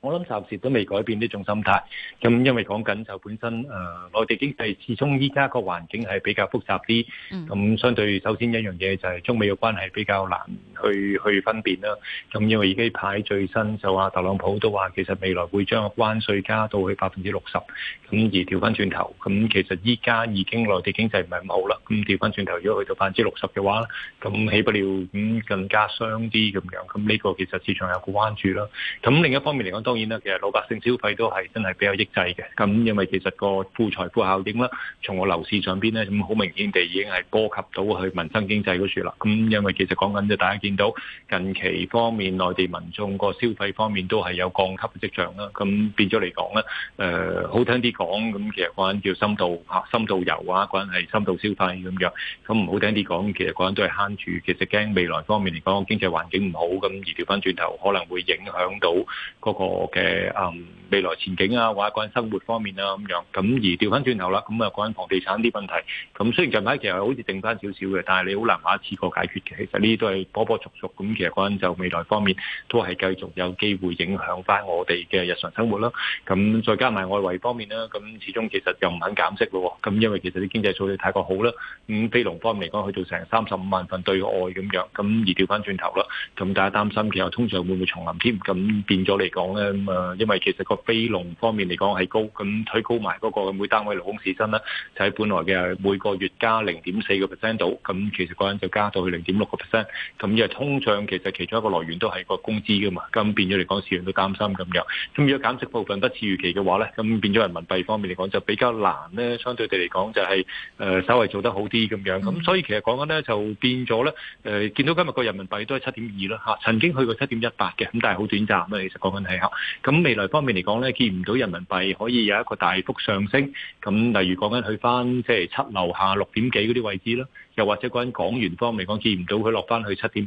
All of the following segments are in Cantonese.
我諗暫時都未改變呢種心態，咁因為講緊就本身誒、呃、內地經濟，始終依家個環境係比較複雜啲，咁、嗯、相對首先一樣嘢就係中美嘅關係比較難。去去分辨啦，咁因為而家排在最新就話特朗普都話，其實未來會將關稅加到去百分之六十，咁而調翻轉頭。咁其實依家已經內地經濟唔係咁好啦，咁調翻轉頭，如果去到百分之六十嘅話，咁起不了咁、嗯、更加傷啲咁樣。咁呢個其實市場有個關注啦。咁另一方面嚟講，當然啦，其實老百姓消費都係真係比較抑制嘅，咁因為其實個富財富效應啦，從我樓市上邊咧，咁好明顯地已經係波及到去民生經濟嗰處啦。咁因為其實講緊就大家見。見到近期方面，內地民眾個消費方面都係有降級嘅跡象啦。咁變咗嚟講咧，誒、呃、好聽啲講，咁其實講緊叫深度啊、深度遊啊，講緊係深度消費咁樣。咁唔好聽啲講，其實講緊都係慳住。其實驚未來方面嚟講，經濟環境唔好，咁而調翻轉頭，可能會影響到嗰個嘅誒、嗯、未來前景啊，或者講緊生活方面啦咁樣。咁而調翻轉頭啦，咁啊講緊房地產啲問題。咁雖然近排其實好似剩翻少少嘅，但係你好難話一次過解決嘅。其實呢啲都係波波，續續咁，其實講緊就未來方面都係繼續有機會影響翻我哋嘅日常生活啦。咁再加埋外圍方面啦，咁始終其實又唔肯減息咯。咁因為其實啲經濟數據太過好啦。咁非農方面嚟講，去到成三十五萬份對外咁樣，咁而調翻轉頭啦。咁大家擔心其實通常會唔會重臨添？咁變咗嚟講呢？咁啊，因為其實個非農方面嚟講係高，咁推高埋嗰個每單位勞工時薪啦，就喺、是、本來嘅每個月加零點四個 percent 度，咁其實講緊就加到去零點六個 percent，咁通脹其實其中一個來源都係個工資噶嘛，咁變咗嚟講，市場都擔心咁樣。咁如果減息部分不似預期嘅話咧，咁變咗人民幣方面嚟講就比較難咧。相對地嚟講就係誒稍微做得好啲咁樣。咁所以其實講緊咧就變咗咧誒，見、呃、到今日個人民幣都係七點二啦嚇，曾經去過七點一八嘅，咁但係好短暫啊。其實講緊係嚇。咁未來方面嚟講咧，見唔到人民幣可以有一個大幅上升。咁例如講緊去翻即係七樓下六點幾嗰啲位置啦，又或者講緊港元方面嚟講，講見唔到佢落翻去七點。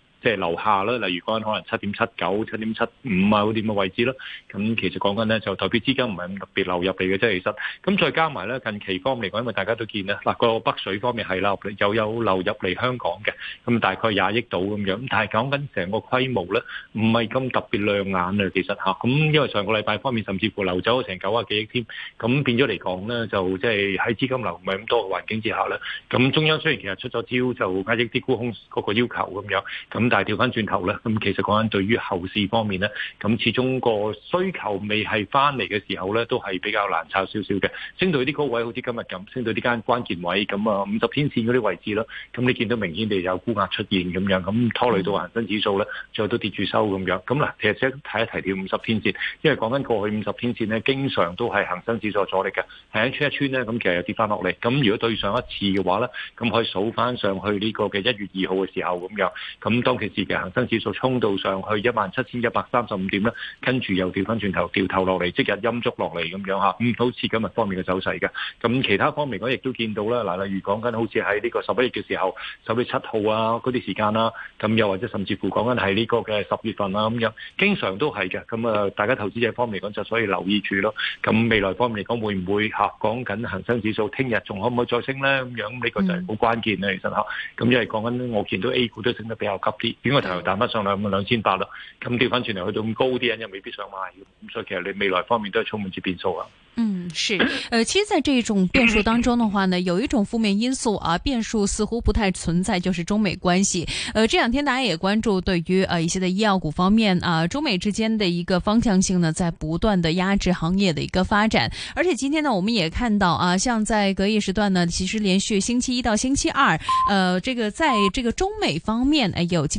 即係樓下啦，例如講可能七點七九、七點七五啊嗰啲咁嘅位置咯。咁其實講緊咧，就代表資金唔係咁特別流入嚟嘅，即係其實。咁再加埋咧，近期方面嚟講，因為大家都見咧，嗱個北水方面係啦，又有流入嚟香港嘅。咁大概廿億到咁樣。咁但係講緊成個規模咧，唔係咁特別亮眼啊。其實嚇咁，因為上個禮拜方面，甚至乎流走成九啊幾億添。咁變咗嚟講咧，就即係喺資金流唔係咁多嘅環境之下咧，咁中央雖然其實出咗招，就壓抑啲沽空嗰個要求咁樣咁。但係調翻轉頭咧，咁其實講緊對於後市方面咧，咁始終個需求未係翻嚟嘅時候咧，都係比較難炒少少嘅。升到啲高位，好似今日咁，升到呢間關鍵位，咁啊五十天線嗰啲位置咯。咁你見到明顯地有沽壓出現咁樣，咁拖累到恒生指數咧，最後都跌住收咁樣。咁嗱，其實睇一睇條五十天線，因為講緊過去五十天線咧，經常都係恒生指數阻力嘅，係一穿一穿咧，咁其實又跌翻落嚟。咁如果對上一次嘅話咧，咁可以數翻上去呢個嘅一月二號嘅時候咁樣。咁當嘅市嘅恆生指數衝到上去一萬七千一百三十五點啦，跟住又調翻轉頭，掉頭落嚟，即日陰足落嚟咁樣嚇，嗯，好似今日方面嘅走勢嘅。咁其他方面我亦都見到啦，嗱，例如講緊好似喺呢個十一月嘅時候，十一月七號啊嗰啲時間啦，咁又或者甚至乎講緊喺呢個嘅十月份啊咁樣，經常都係嘅。咁啊，大家投資者方面嚟講就所以留意住咯。咁未來方面嚟講會唔會嚇講緊恒生指數聽日仲可唔可以再升咧？咁樣呢個就係好關鍵啦，其實嚇。咁因為講緊我見到 A 股都升得比較急啲。整個頭頭彈翻上兩對、嗯、兩千八啦，咁跌翻轉嚟去到咁高啲人又未必想賣，咁所以其實你未來方面都係充滿住變數啊。嗯，是，誒、呃，其實在呢一種變數當中嘅話呢，有一種負面因素啊，變數似乎不太存在，就是中美關係。誒、呃，這兩天大家也關注對於誒、呃、一些的醫藥股方面啊、呃，中美之間的一個方向性呢，在不斷的壓制行業的一個發展。而且今天呢，我們也看到啊，像在隔夜時段呢，其實連續星期一到星期二，誒、呃，這個在這個中美方面誒、呃、有。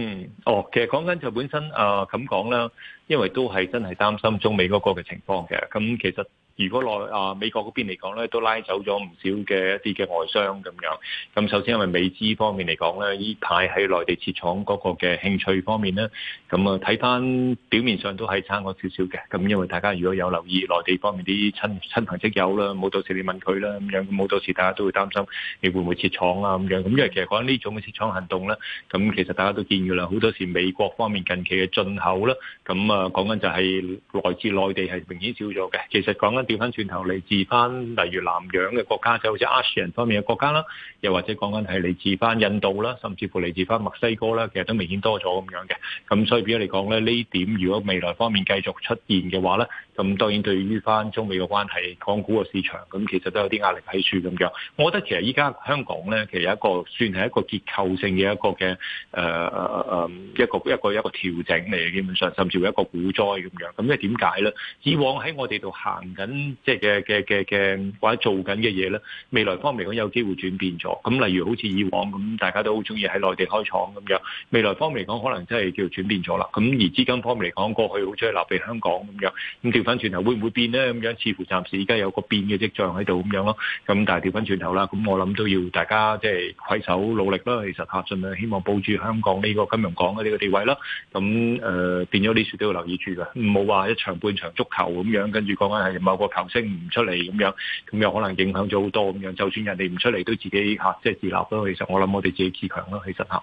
嗯，哦，其實講緊就本身啊，咁講啦，因為都係真係擔心中美嗰個嘅情況嘅，咁其實。如果內啊美國嗰邊嚟講咧，都拉走咗唔少嘅一啲嘅外商咁樣。咁首先因為美資方面嚟講咧，呢排喺內地設廠嗰個嘅興趣方面咧，咁啊睇翻表面上都係差咗少少嘅。咁因為大家如果有留意內地方面啲親親朋戚友啦，冇到時你問佢啦咁樣，冇到時大家都會擔心你會唔會設廠啦咁樣。咁因為其實講緊呢種嘅設廠行動咧，咁其實大家都見嘅啦，好多時美國方面近期嘅進口啦，咁啊講緊就係來自內地係明顯少咗嘅。其實講緊。掉返轉頭嚟自返，例如南洋嘅國家就好似亞洲人方面嘅國家啦，又或者講緊係嚟自返印度啦，甚至乎嚟自返墨西哥啦，其實都明顯多咗咁樣嘅。咁所以比較嚟講咧，呢點如果未來方面繼續出現嘅話咧。咁當然對於翻中美嘅關係、港股嘅市場，咁其實都有啲壓力喺處咁樣。我覺得其實依家香港咧，其實一個算係一個結構性嘅一個嘅、呃、一個一個一個調整嚟嘅，基本上甚至會一個股災咁樣。咁即係點解咧？以往喺我哋度行緊即係嘅嘅嘅嘅或者做緊嘅嘢咧，未來方面嚟講有機會轉變咗。咁例如好似以往咁，大家都好鍾意喺內地開廠咁樣，未來方面嚟講可能真係叫轉變咗啦。咁而資金方面嚟講，過去好中意流避香港咁樣，咁叫。翻轉頭會唔會變咧？咁樣似乎暫時而家有個變嘅跡象喺度咁樣咯。咁但係調翻轉頭啦，咁我諗都要大家即係攜手努力啦。其實嚇，盡量希望保住香港呢個金融港嘅呢個地位咯。咁誒、呃、變咗啲事都要留意住㗎，唔好話一場半場足球咁樣跟住講緊係某個球星唔出嚟咁樣，咁又可能影響咗好多咁樣。就算人哋唔出嚟，都自己嚇即係自立咯。其實我諗我哋自己自強咯，其實嚇。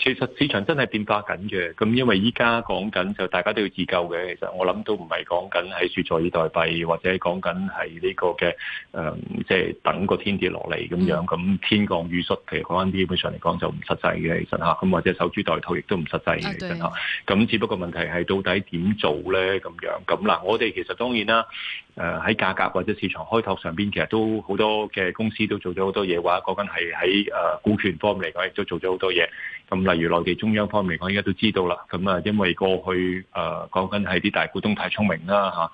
其實市場真係變化緊嘅，咁因為依家講緊就大家都要自救嘅。其實我諗都唔係講緊喺雪坐以待斃，或者講緊係呢個嘅，誒、呃，即、就、係、是、等個天跌落嚟咁樣。咁、嗯、天降雨粟，其實嗰啲基本上嚟講就唔實際嘅，其實吓。咁或者守株待兔亦都唔實際嘅，其實吓、啊。咁只不過問題係到底點做咧？咁樣咁，嗱，我哋其實當然啦。誒喺價格或者市場開拓上面，其實都好多嘅公司都做咗好多嘢。話講緊係喺誒股權方面嚟講，亦都做咗好多嘢。咁例如內地中央方面，嚟講應該都知道啦。咁啊，因為過去誒講緊係啲大股東太聰明啦、吓、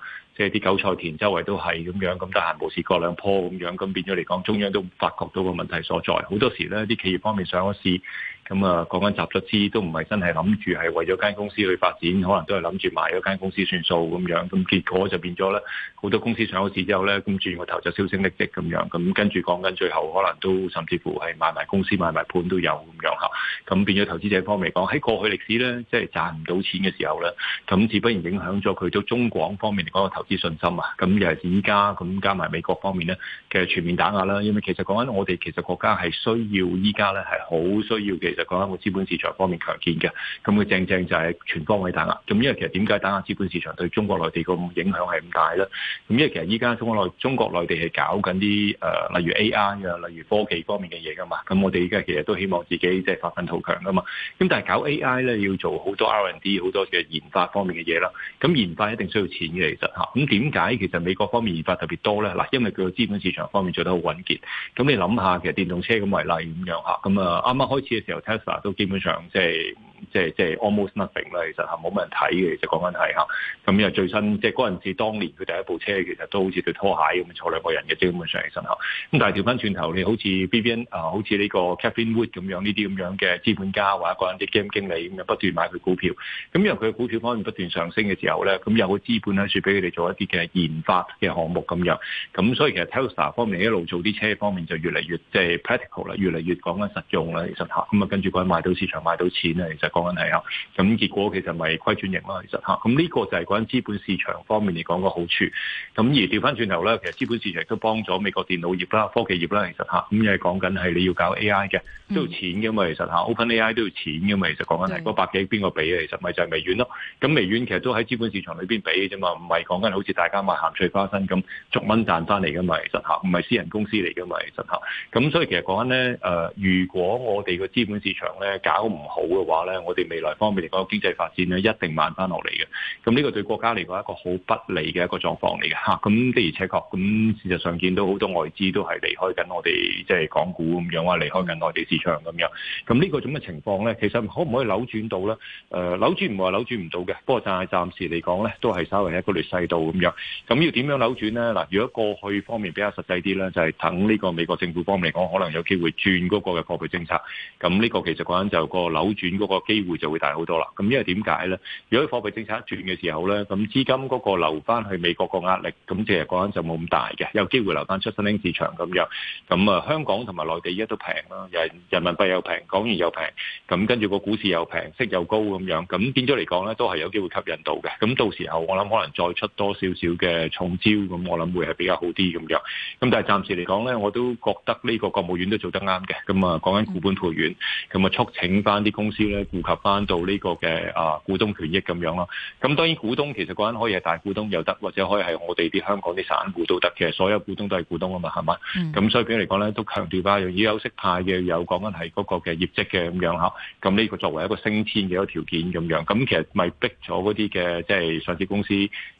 即係啲韭菜田周圍都係咁樣，咁得閒無事割兩棵咁樣，咁變咗嚟講，中央都發覺到個問題所在。好多時咧，啲企業方面上咗市。咁啊，講緊集咗資都唔係真係諗住係為咗間公司去發展，可能都係諗住買咗間公司算數咁樣。咁結果就變咗咧，好多公司上咗市之後咧，咁轉個頭就銷聲匿跡咁樣。咁跟住講緊最後，可能都甚至乎係賣埋公司、賣埋盤都有咁樣嚇。咁變咗投資者方面嚟講，喺過去歷史咧，即係賺唔到錢嘅時候咧，咁自不然影響咗佢都中港方面嚟講嘅投資信心啊。咁又係依家咁加埋美國方面咧，其實全面打壓啦。因為其實講緊我哋其實國家係需要依家咧，係好需要嘅。就講緊個資本市場方面強健嘅，咁佢正正就係全方位打壓。咁因為其實點解打壓資本市場對中國內地個影響係咁大咧？咁因為其實依家中國內中國內地係搞緊啲誒，例如 A.I. 啊，例如科技方面嘅嘢噶嘛。咁我哋依家其實都希望自己即係發奮圖強噶嘛。咁但係搞 A.I. 咧，要做好多 R&D 好多嘅研發方面嘅嘢啦。咁研發一定需要錢嘅，其實吓，咁點解其實美國方面研發特別多咧？嗱，因為佢個資本市場方面做得好穩健。咁你諗下，其實電動車咁為例咁樣吓。咁啊啱啱開始嘅時候。Tesla 都基本上即係即係即係 almost nothing 啦，其實係冇乜人睇嘅。其實講緊係嚇，咁又最新即係嗰陣時，就是、當年佢第一部車其實都好似對拖鞋咁坐兩個人嘅，就是、基本上起身嚇。咁但係調翻轉頭，你好似 BBN 啊，好似呢個 Catherine Wood 咁樣呢啲咁樣嘅資本家或者嗰啲 game 經理咁樣不斷買佢股票，咁因為佢嘅股票方面不斷上升嘅時候咧，咁有個資本喺處俾佢哋做一啲嘅研發嘅項目咁樣。咁所以其實 Tesla 方面一路做啲車方面就越嚟越即係 practical 啦，越嚟越講緊實用啦，其實嚇咁啊。跟住佢賣到市場，賣到錢啊，其實講緊係啊，咁結果其實咪虧轉盈咯，其實嚇，咁呢個就係講緊資本市場方面嚟講個好處。咁而調翻轉頭咧，其實資本市場都幫咗美國電腦業啦、科技業啦，其實吓，咁又係講緊係你要搞 AI 嘅都要錢嘅嘛，其實吓，OpenAI 都要錢嘅嘛，其實講緊係嗰百幾邊個畀啊？其實咪就係微軟咯。咁微軟其實都喺資本市場裏邊畀啫嘛，唔係講緊好似大家買鹹脆花生咁逐蚊賺翻嚟嘅嘛，其實吓，唔係私人公司嚟嘅嘛，其實吓，咁所以其實講緊咧，誒、呃，如果我哋個資本市場市場咧搞唔好嘅話咧，我哋未來方面嚟講，經濟發展咧一定慢翻落嚟嘅。咁呢個對國家嚟講係一個好不利嘅一個狀況嚟嘅。咁的而且確，咁事實上見到好多外資都係離開緊我哋即係港股咁樣，話離開緊內地市場咁樣。咁呢個咁嘅情況咧，其實可唔可以扭轉到咧？誒、呃，扭轉唔係話扭轉唔到嘅，不過暫係暫時嚟講咧，都係稍微一個劣勢度咁樣。咁要點樣扭轉咧？嗱，如果過去方面比較實際啲咧，就係、是、等呢個美國政府方面嚟講，可能有機會轉嗰個嘅貨幣政策。咁呢？其實講緊就個扭轉嗰個機會就會大好多啦。咁因為點解咧？如果貨幣政策一轉嘅時候咧，咁資金嗰個流翻去美國個壓力，咁其實講緊就冇咁大嘅，有機會流翻出新興市場咁樣。咁啊，香港同埋內地依家都平啦，人人民幣又平，港元又平，咁跟住個股市又平，息又高咁樣。咁變咗嚟講咧，都係有機會吸引到嘅。咁到時候我諗可能再出多少少嘅重招，咁我諗會係比較好啲咁樣。咁但係暫時嚟講咧，我都覺得呢個國務院都做得啱嘅。咁啊，講緊固本培元。咁啊，促請翻啲公司咧顧及翻到呢個嘅啊股東權益咁樣咯。咁當然股東其實講緊可以係大股東又得，或者可以係我哋啲香港啲散戶都得。其實所有股東都係股東啊嘛，係嘛？咁、嗯、所以嚟講咧，都強調翻，如果有色派嘅有講緊係嗰個嘅業績嘅咁樣。咁呢個作為一個升遷嘅一個條件咁樣。咁其實咪逼咗嗰啲嘅即係上市公司。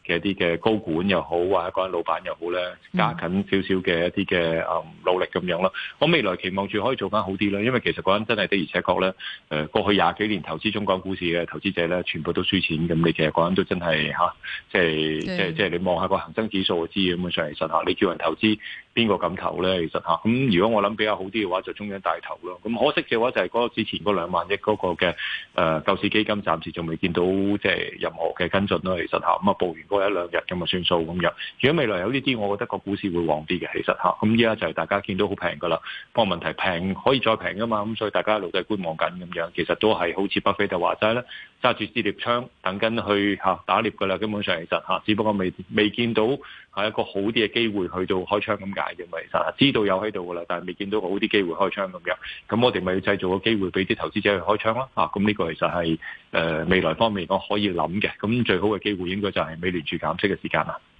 嘅一啲嘅高管又好，或者個人老闆又好咧，加緊少少嘅一啲嘅誒努力咁樣咯。我未來期望住可以做翻好啲啦，因為其實嗰陣真係的而且確咧，過去廿幾年投資中港股市嘅投資者咧，全部都輸錢咁，你其實嗰陣都真係嚇，即係即係即係你望下個恒生指數嘅資源咁上嚟信嚇，你叫人投資，邊個敢投咧？其實嚇咁、嗯，如果我諗比較好啲嘅話，就中央帶頭咯。咁可惜嘅話就係嗰之前嗰兩萬億嗰個嘅誒、呃、救市基金，暫時仲未見到即係任何嘅跟進咯。其實嚇咁啊，報完嗰一兩日咁啊算數咁樣。如果未來有呢啲，我覺得個股市會旺啲嘅。其實嚇咁依家就係大家見到好平㗎啦。不過問題平可以再平㗎嘛？咁所以大家一路都係觀望緊咁樣。其實都係好似北非就話齋咧，揸住支獵槍等緊去嚇打獵㗎啦。根本上其實嚇，只不過未未見到係一個好啲嘅機會去到開槍咁。 為知道有喺度噶啦，但係未見到好啲機會開槍咁樣，咁我哋咪要製造個機會畀啲投資者去開槍囉。嚇、啊。咁、嗯、呢、這個其實係、呃、未來方面講可以諗嘅，咁、嗯、最好嘅機會應該就係美聯儲減息嘅時間啦。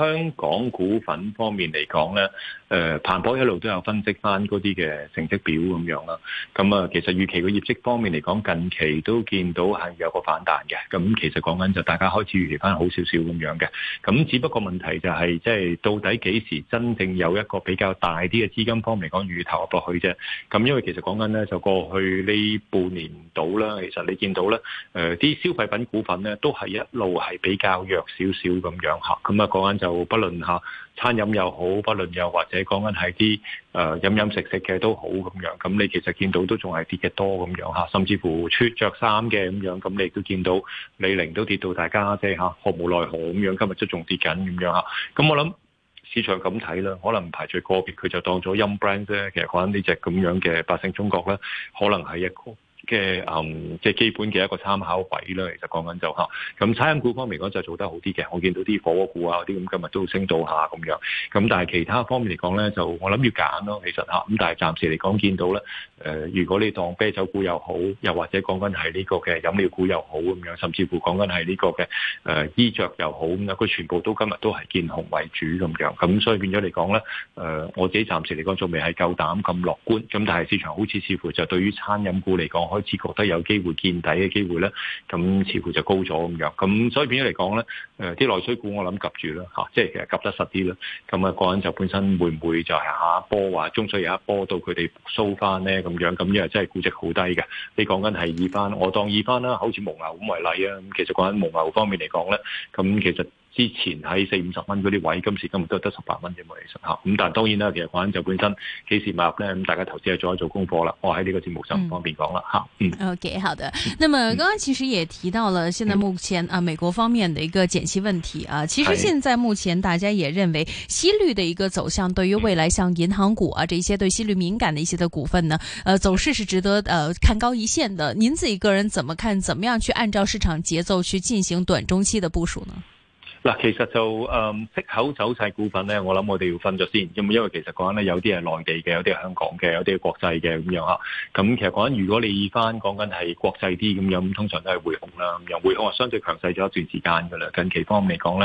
香港股份方面嚟講咧，誒彭博一路都有分析翻嗰啲嘅成績表咁樣啦。咁啊、嗯，其實預期嘅業績方面嚟講，近期都見到係有個反彈嘅。咁、嗯、其實講緊就大家開始預期翻好少少咁樣嘅。咁、嗯、只不過問題就係即係到底幾時真正有一個比較大啲嘅資金方面嚟講預投入落去啫。咁、嗯、因為其實講緊咧，就過去呢半年度啦，其實你見到咧，誒、呃、啲消費品股份咧都係一路係比較弱少少咁樣吓。咁、嗯、啊，講緊就。就不論吓、啊、餐飲又好，不論又或者講緊係啲誒飲飲食食嘅都好咁樣，咁你其實見到都仲係跌嘅多咁樣吓，甚至乎穿着衫嘅咁樣，咁你都見到李寧都跌到大家啫吓，毫、啊、無奈何咁樣，今日都仲跌緊咁樣吓，咁我諗市場咁睇啦，可能唔排除個別佢就當咗 Yum、um、brand 啫，其實講緊呢隻咁樣嘅百勝中國咧，可能係一個。嘅、嗯、即係基本嘅一個參考位啦。其實講緊就嚇，咁餐飲股方面講就做得好啲嘅。我見到啲火鍋股啊，啲咁今日都升到下咁樣。咁但係其他方面嚟講咧，就我諗要揀咯。其實嚇，咁但係暫時嚟講見到咧，誒、呃，如果你當啤酒股又好，又或者講緊係呢個嘅飲料股又好咁樣，甚至乎講緊係呢個嘅誒衣着又好咁樣，佢全部都今日都係見紅為主咁樣。咁所以變咗嚟講咧，誒、呃，我自己暫時嚟講仲未係夠膽咁樂觀。咁但係市場好似似乎就對於餐飲股嚟講， 開始覺得有機會見底嘅機會咧，咁似乎就高咗咁樣，咁所以變咗嚟講咧，誒啲內需股我諗夾住啦嚇，即係其實夾得實啲啦。咁啊，個人就本身會唔會就下一波話中水有一波到佢哋收翻咧咁樣？咁因為真係估值好低嘅，你講緊係以番，我當以番啦，好似蒙牛咁為例啊。咁其實講緊蒙牛方面嚟講咧，咁、那個、其實。之前喺四五十蚊嗰啲位，今時今日都得十八蚊啫嘛，其實吓。咁但當然啦，其實反正就本身幾時買入呢？咁大家投資係做一做功課啦。我喺呢個節目上唔方便講啦吓。嗯，OK，好的。那麼剛剛其實也提到了，現在目前、嗯、啊，美國方面的一個減息問題啊，其實現在目前大家也認為息率的一個走向，對於未來像銀行股啊，這一些對息率敏感的一些的股份呢，呃，走勢是，是值得呃看高一線的。您自己個人怎麼看？怎麼樣去按照市場節奏去進行短中期的部署呢？嗱，其實就誒息、嗯、口走勢股份咧，我諗我哋要分咗先，因因為其實講呢，咧有啲係內地嘅，有啲係香港嘅，有啲係國際嘅咁樣嚇。咁、嗯、其實講緊如果你翻講緊係國際啲咁樣，通常都係匯控啦，咁樣匯控啊，嗯、相對強勢咗一段時間㗎啦。近期方面嚟講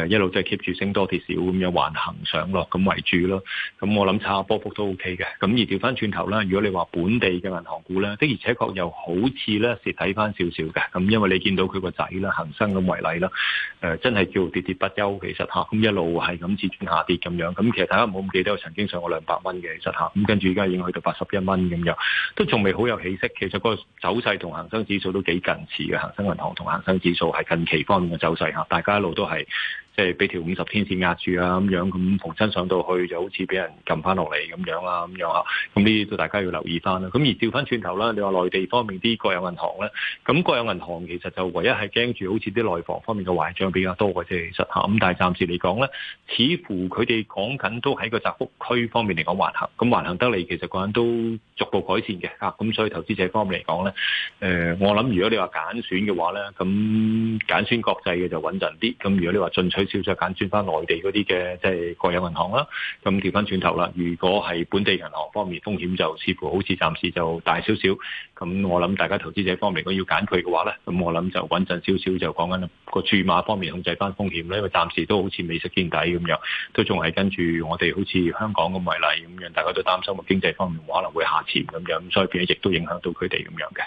咧，一路都係 keep 住升多跌少咁樣橫行上落咁為主咯。咁、嗯、我諗差吓波幅都 O K 嘅。咁、嗯、而調翻轉頭啦，如果你話本地嘅銀行股咧，的而且確又好似咧蝕底翻少少嘅。咁、嗯、因為你見到佢個仔啦，恒生咁為例啦、呃，真叫跌跌不休，其實嚇，咁一路係咁持續下跌咁樣，咁其實大家唔好唔記得，曾經上過兩百蚊嘅，其實嚇，咁跟住而家已經去到八十一蚊咁樣，都仲未好有起色。其實個走勢同恒生指數都幾近似嘅，恒生銀行同恒生指數係近期方面嘅走勢嚇，大家一路都係。即係俾條五十天線壓住啊咁樣，咁逢親上到去就好似俾人撳翻落嚟咁樣啦，咁樣啊，咁呢啲都大家要留意翻啦。咁而調翻轉頭啦，你話內地方面啲國有銀行咧，咁國有銀行其實就唯一係驚住好似啲內房方面嘅壞帳比較多嘅啫，其實嚇。咁但係暫時嚟講咧，似乎佢哋講緊都喺個窄幅區方面嚟講橫行，咁橫行得嚟其實個人都逐步改善嘅嚇。咁所以投資者方面嚟講咧，誒，我諗如果你話揀選嘅話咧，咁揀選國際嘅就穩陣啲。咁如果你話進取，少少揀轉翻內地嗰啲嘅即係國有銀行啦，咁調翻轉頭啦。如果係本地銀行方面風險就似乎好似暫時就大少少，咁我諗大家投資者方面如果要揀佢嘅話咧，咁我諗就穩陣少少就講緊個注碼方面控制翻風險啦，因為暫時都好似未食見底咁樣，都仲係跟住我哋好似香港咁為例咁樣，大家都擔心個經濟方面可能會下潛咁樣，所以變咗亦都影響到佢哋咁樣嘅。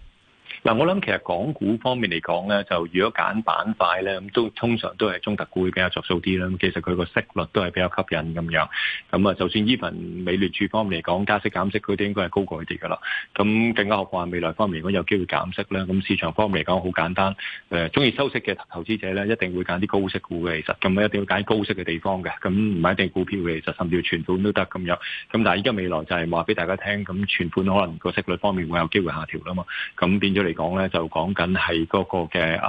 嗱，我諗其實港股方面嚟講咧，就如果揀板塊咧，咁都通常都係中特股會比較着數啲啦。咁其實佢個息率都係比較吸引咁樣。咁啊，就算依份美聯儲方面嚟講加息減息，佢都應該係高過佢哋噶啦。咁更加何況，況未來方面如果有機會減息咧，咁市場方面嚟講好簡單。誒、呃，中意收息嘅投資者咧，一定會揀啲高息股嘅。其實咁一定要揀高息嘅地方嘅。咁唔係一定股票嘅，其實甚至要存款都得咁樣。咁但係依家未來就係話俾大家聽，咁存款可能個息率方面會有機會下調啦嘛。咁變咗你。講咧就講緊係嗰個嘅，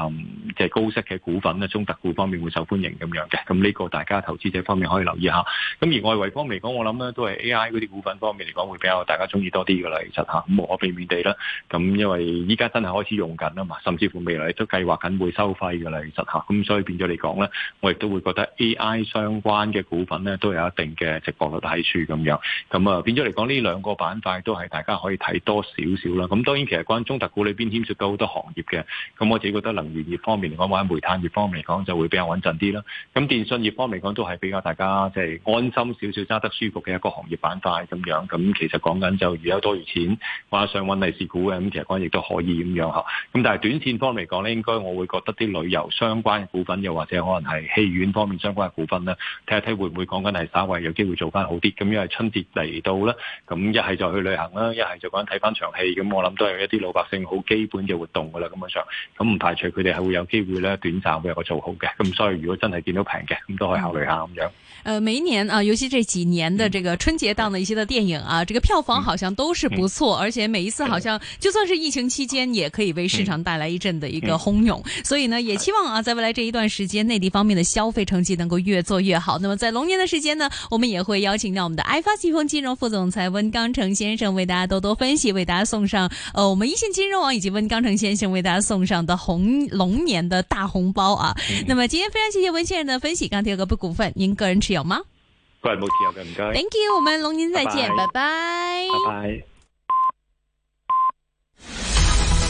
即係高息嘅股份咧，中特股方面會受歡迎咁樣嘅。咁呢個大家投資者方面可以留意下。咁而外圍方面嚟講，我諗咧都係 A.I. 嗰啲股份方面嚟講會比較大家中意多啲噶啦，其實吓咁無可避免地啦。咁因為依家真係開始用緊啊嘛，甚至乎未來都計劃緊會收費噶啦，其實吓。咁所以變咗嚟講咧，我亦都會覺得 A.I. 相關嘅股份咧都有一定嘅值博嘅睇處咁樣。咁啊，變咗嚟講呢兩個板塊都係大家可以睇多少少啦。咁當然其實關於中特股裏邊。牽涉到好多行業嘅，咁我自己覺得能源業方面嚟講，或者煤炭業方面嚟講，就會比較穩陣啲啦。咁電信業方面嚟講，都係比較大家即係安心少少、揸得舒服嘅一個行業板塊咁樣。咁其實講緊就如有多餘錢，話上揾利是股嘅，咁其實講亦都可以咁樣吓。咁但係短線方面嚟講咧，應該我會覺得啲旅遊相關嘅股份，又或者可能係戲院方面相關嘅股份咧，睇下睇會唔會講緊係稍為有機會做翻好啲。咁因為春節嚟到啦，咁一係就去旅行啦，一係就講緊睇翻場戲。咁我諗都係一啲老百姓好基。基本嘅活動噶啦，根本上，咁唔排除佢哋係會有機會咧，短暫會有個做好嘅。咁所以如果真係見到平嘅，咁都可以考慮下咁樣。誒、嗯，每一年啊，尤其這幾年的這個春節檔的一些的電影，嗯、啊，這個票房好像都是不錯，嗯、而且每一次好像、嗯、就算是疫情期間，也可以為市場帶來一陣的一個轟湧，嗯嗯、所以呢，也希望啊，在未來這一段時間，內地方面的消費成績能夠越做越好。那麼在龍年的時間呢，我們也會邀請到我們的 IFA 季風金融副總裁溫鋼城先生為大家多多分析，為大家送上，呃我們一線金融網以及。溫鋼城先生為大家送上的紅龍年的大紅包啊！嗯、那麼今天非常謝謝溫先生的分析。鋼鐵不股份，您個人持有嗎？個人冇持有嘅，唔該。謝謝 Thank you，我們龍年再見，拜拜。拜拜。